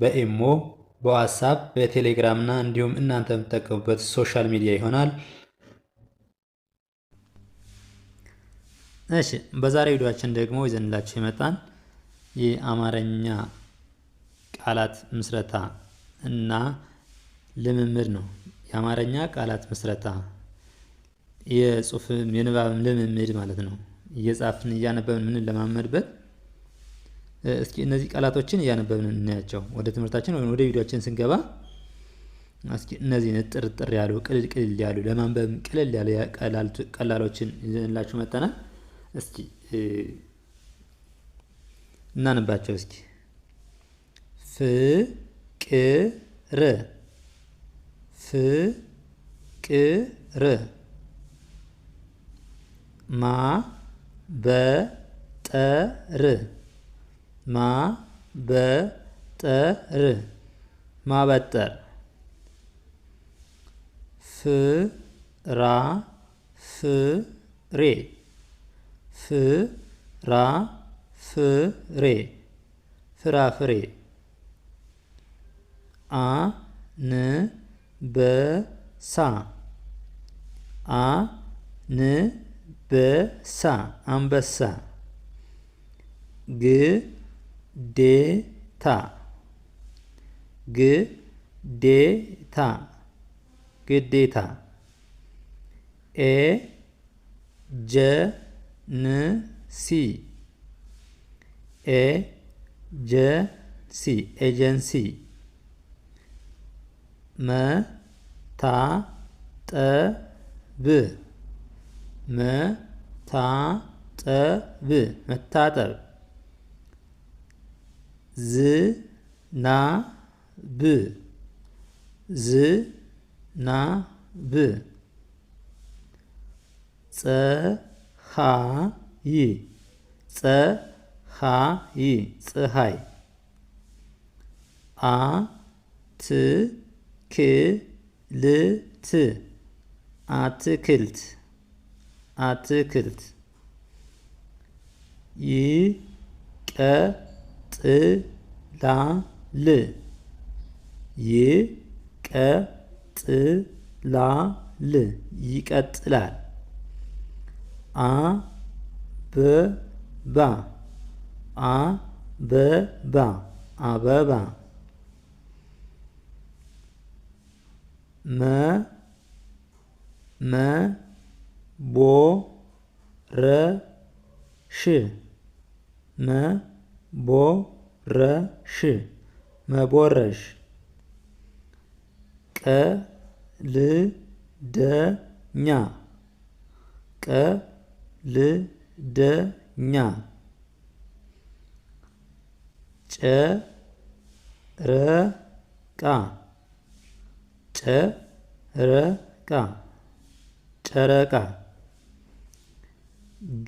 በኤሞ በዋትሳፕ በቴሌግራም እና እንዲሁም እናንተ የምትጠቀሙበት ሶሻል ሚዲያ ይሆናል። እሺ በዛሬ ቪዲዮችን ደግሞ ይዘንላችሁ የመጣን የአማርኛ ቃላት ምስረታ እና ልምምድ ነው። የአማርኛ ቃላት ምስረታ የጽሁፍም የንባብም ልምምድ ማለት ነው። እየጻፍን እያነበብን ምንን ለማመድበት እስኪ እነዚህ ቃላቶችን እያነበብን እናያቸው። ወደ ትምህርታችን ወይም ወደ ቪዲዮችን ስንገባ እስኪ እነዚህ ንጥርጥር ያሉ ቅልል ቅልል ያሉ ለማንበብ ቅልል ያሉ ቀላሎችን ይዘንላችሁ መጠናል። እስኪ እናንባቸው። እስኪ ፍቅር ፍቅር ማበጠር ማበጠር ማበጠር ፍራ ፍራ ፍሬ ፍሬ ፍራፍሬ አ ፍራፍሬ ፍራፍሬ አንበሳ አንበሳ አንበሳ ግ ግዴታ ግዴታ ግዴታ ኤጀንሲ ኤጀንሲ ኤጀንሲ መታጠብ መታጠብ መታጠብ ዝናብ ዝናብ ፀሐይ ፀሐይ ፀሐይ አትክልት አትክልት አትክልት ይቀ ይቀጥላል ይቀጥላል ይቀጥላል አበባ አበባ አበባ መ መ ቦ ረ ሽ መ ቦረሽ መቦረሽ ቀልደኛ ቀልደኛ ጨረቃ ጨረቃ ጨረቃ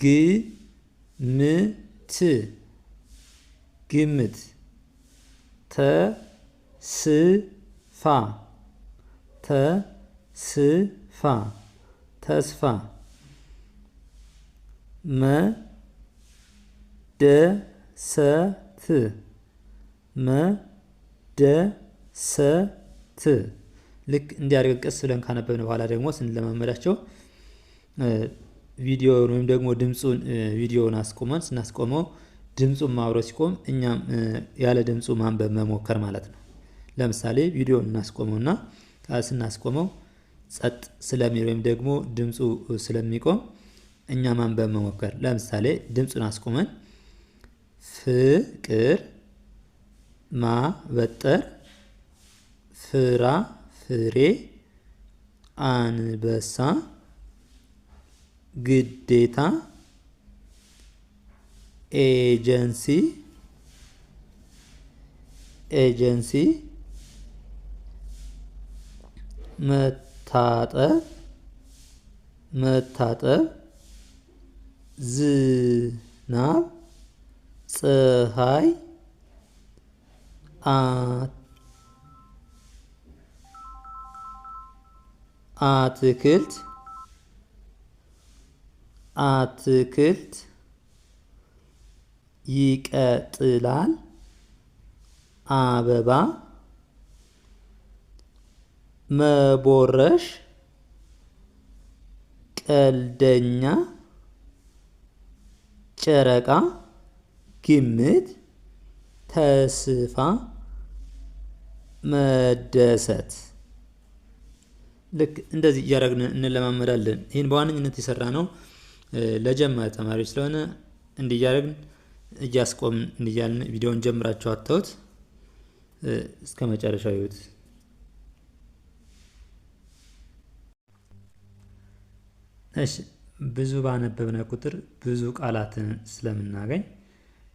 ግምት ግምት ተስፋ ተስፋ ተስፋ መደሰት መደሰት ልክ እንዲያደርገን ቀስ ብለን ካነበብን በኋላ ደግሞ ስንለማመዳቸው ቪዲዮውን ወይም ደግሞ ድምፁን ቪዲዮውን አስቆመን ስናስቆመው ድምፁም አብሮ ሲቆም እኛም ያለ ድምፁ ማንበብ መሞከር ማለት ነው። ለምሳሌ ቪዲዮ እናስቆመውና ስናስቆመው ጸጥ ስለሚል ወይም ደግሞ ድምፁ ስለሚቆም እኛ ማንበብ መሞከር። ለምሳሌ ድምፁን አስቆመን ፍቅር ማበጠር ፍራ ፍሬ አንበሳ ግዴታ ኤጀንሲ ኤጀንሲ መታጠብ መታጠብ ዝናብ ፀሐይ አትክልት አትክልት ይቀጥላል። አበባ መቦረሽ ቀልደኛ ጨረቃ ግምት ተስፋ መደሰት ልክ እንደዚህ እያደረግን እንለማመዳለን። ይህን በዋነኝነት የሰራ ነው ለጀማ ተማሪዎች ስለሆነ እንዲያደረግን እያስቆም እያልን ቪዲዮን ጀምራችሁ አታውት እስከ መጨረሻው ይዩት። እሺ ብዙ ባነበብነ ቁጥር ብዙ ቃላትን ስለምናገኝ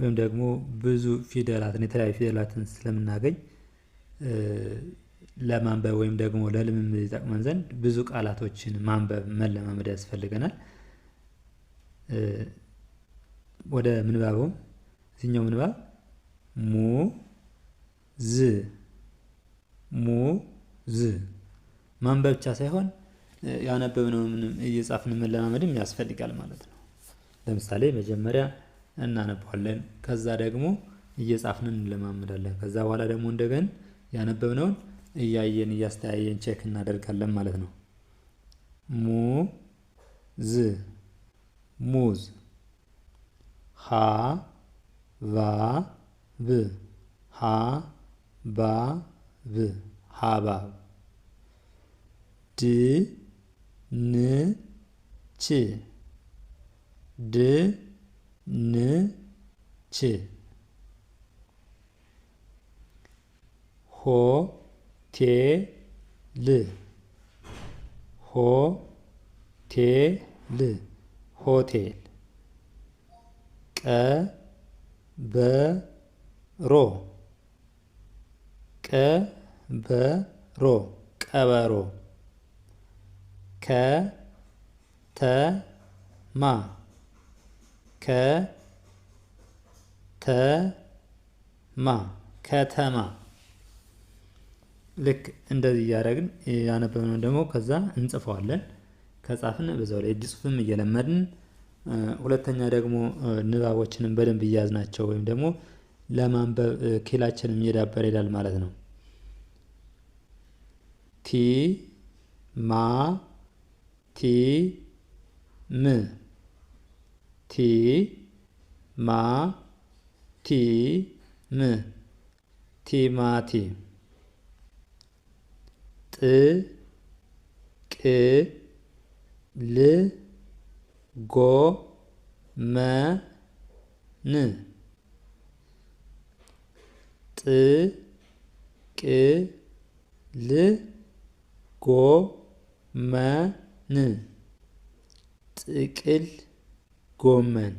ወይም ደግሞ ብዙ ፊደላትን የተለያዩ ፊደላትን ስለምናገኝ ለማንበብ ወይም ደግሞ ለልምምድ ይጠቅመን ዘንድ ብዙ ቃላቶችን ማንበብ መለማመድ ያስፈልገናል። ወደ ምንባቡ እዚህኛው ምንባብ ሙ ዝ ሙ ዝ ማንበብ ብቻ ሳይሆን ምንም እየጻፍን መለማመድም ያስፈልጋል ማለት ነው። ለምሳሌ መጀመሪያ እናነባዋለን፣ ከዛ ደግሞ እየጻፍን እንለማመዳለን። ከዛ በኋላ ደግሞ እንደገን ያነበብነውን እያየን እያስተያየን ቼክ እናደርጋለን ማለት ነው። ሙ ዝ ሙዝ ሀ ባ ብ ሀ ባ ብ ሀባብ ድ ን ች ድ ን ች ሆ ቴ ል ሆ ቴ ል ሆቴል ቀበሮ ቀበሮ ቀበሮ ከተማ ከተማ ከተማ ልክ እንደዚህ እያደረግን ያነበብነው ደግሞ ከዛ እንጽፈዋለን። ከጻፍን በዛው ላይ እጅ እየለመድን ሁለተኛ ደግሞ ንባቦችንም በደንብ እያዝናቸው ወይም ደግሞ ለማንበብ ኪላችንም እየዳበረ ይላል ማለት ነው። ቲ ማ ቲ ም ቲ ማ ቲ ም ቲ ጥ ቅ ል ን ጥቅል ጎመን ጥቅል ጎመን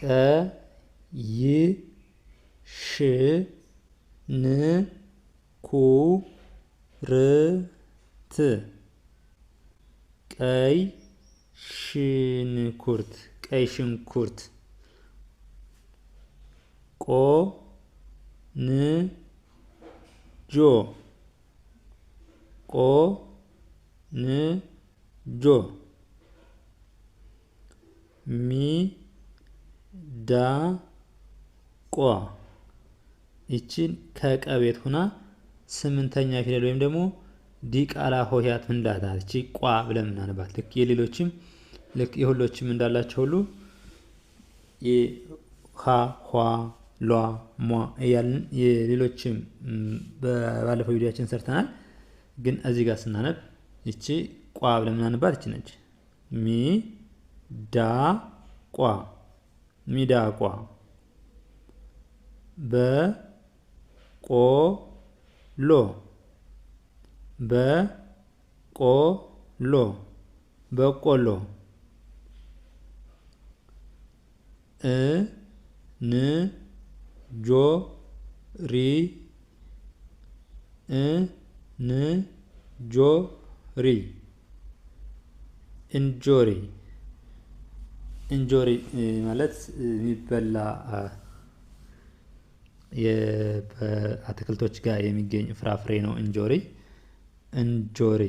ቀይ ሽንኩርት ቀይ ሽንኩርት፣ ቀይ ሽንኩርት ቆንጆ ቆንጆ ሚዳቋ ይቺን ከቀ ቤት ሁና ስምንተኛ ፊደል ወይም ደግሞ ዲቃላ ሆሄያት እንዳትናት እቺ ቋ ብለን ምናነባት ልክ የሌሎችም ልክ የሁሎችም እንዳላቸው ሁሉ ሀ ኋ ሏ ሟ እያልን የሌሎችም ባለፈው ቪዲዮችን ሰርተናል። ግን እዚህ ጋር ስናነብ ይቺ ቋ ብለን ምናነባት እቺ ነች። ሚ ዳ ቋ ሚዳ ቋ በ ቆ ሎ በቆሎ በቆሎ እ ን ጆ ሪ እ ን ጆ ሪ እንጆሪ እንጆሪ ማለት የሚበላ ከአትክልቶች ጋር የሚገኝ ፍራፍሬ ነው። እንጆሪ እንጆሪ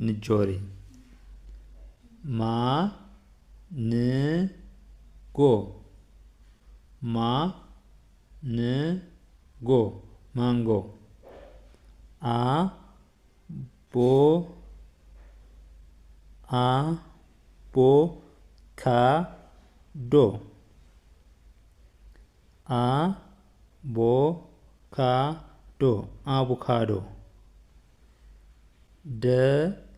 እንጆሪ ማ ን ጎ ማ ን ጎ ማንጎ አ ቦ አ ቦ ካ ዶ አ ቦ ካ ዶ አቮካዶ ደብዳቤ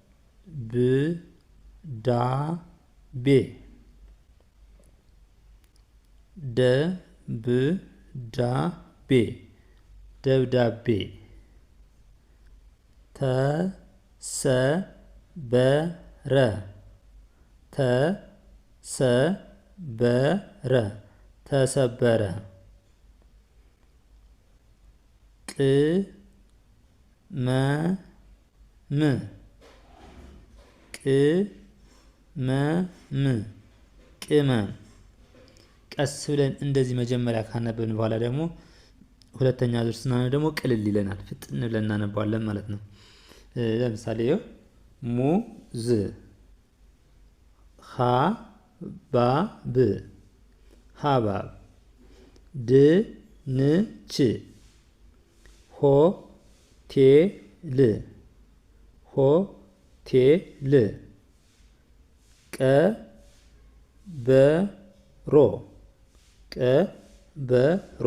ደብዳቤ ደብዳቤ ተሰበረ ተሰበረ ተሰበረ ቅመ ም ም ቅመም ቀስ ብለን እንደዚህ መጀመሪያ ካነበብን በኋላ ደግሞ ሁለተኛ ዙር ስናነብ ደግሞ ቅልል ይለናል። ፍጥን ብለን እናነባዋለን ማለት ነው። ለምሳሌ ይኸው ሙዝ ሀባብ ሀባብ ድንች ሆቴል ሆቴል ቀበሮ ቀበሮ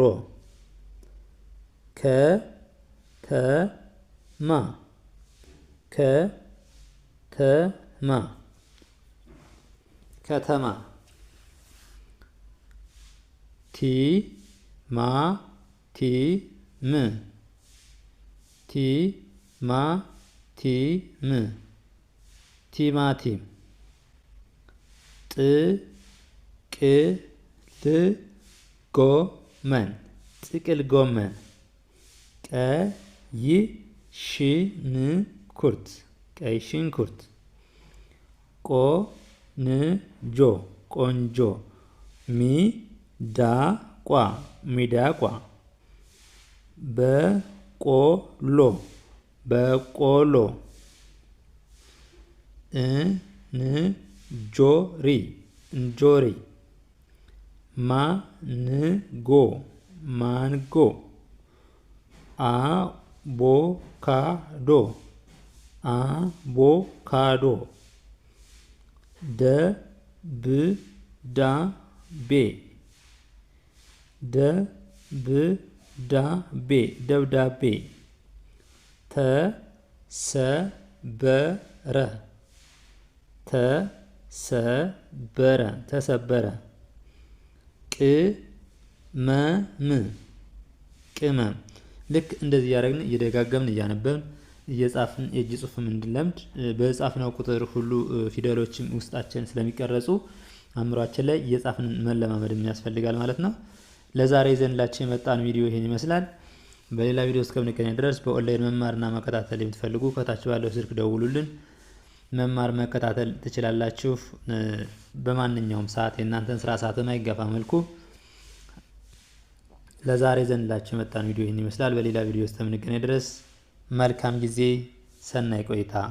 ከተማ ከተማ ከተማ ቲማቲም ቲማ ቲም ቲማቲም ጥቅል ጎመን ጥቅል ጎመን ቀይ ሽንኩርት ቀይ ሽንኩርት ቆንጆ ቆንጆ ሚዳቋ ሚዳቋ በቆሎ በቆሎ እንጆሪ እንጆሪ ማንጎ ማንጎ አቦካዶ አቦካዶ ደብዳቤ ደብዳቤ ደብዳቤ ተሰበረ ተሰበረ ተሰበረ ቅመም ቅመም ልክ እንደዚህ እያደረግን እየደጋገምን እያነበብን እየጻፍን የእጅ ጽሁፍ እንድንለምድ በጻፍነው ቁጥር ሁሉ ፊደሎችም ውስጣችን ስለሚቀረጹ አእምሯችን ላይ እየጻፍን መለማመድ ያስፈልጋል ማለት ነው። ለዛሬ ዘንላችን የመጣን ቪዲዮ ይሄን ይመስላል። በሌላ ቪዲዮ እስከምንገናኝ ድረስ በኦንላይን መማርና መከታተል የምትፈልጉ ከታች ባለው ስልክ ደውሉልን። መማር መከታተል ትችላላችሁ። በማንኛውም ሰዓት የእናንተን ስራ ሰዓት አይገፋ መልኩ ለዛሬ ዘንድላችሁ የመጣን ቪዲዮ ይህን ይመስላል። በሌላ ቪዲዮ እስከምንገናኝ ድረስ መልካም ጊዜ፣ ሰናይ ቆይታ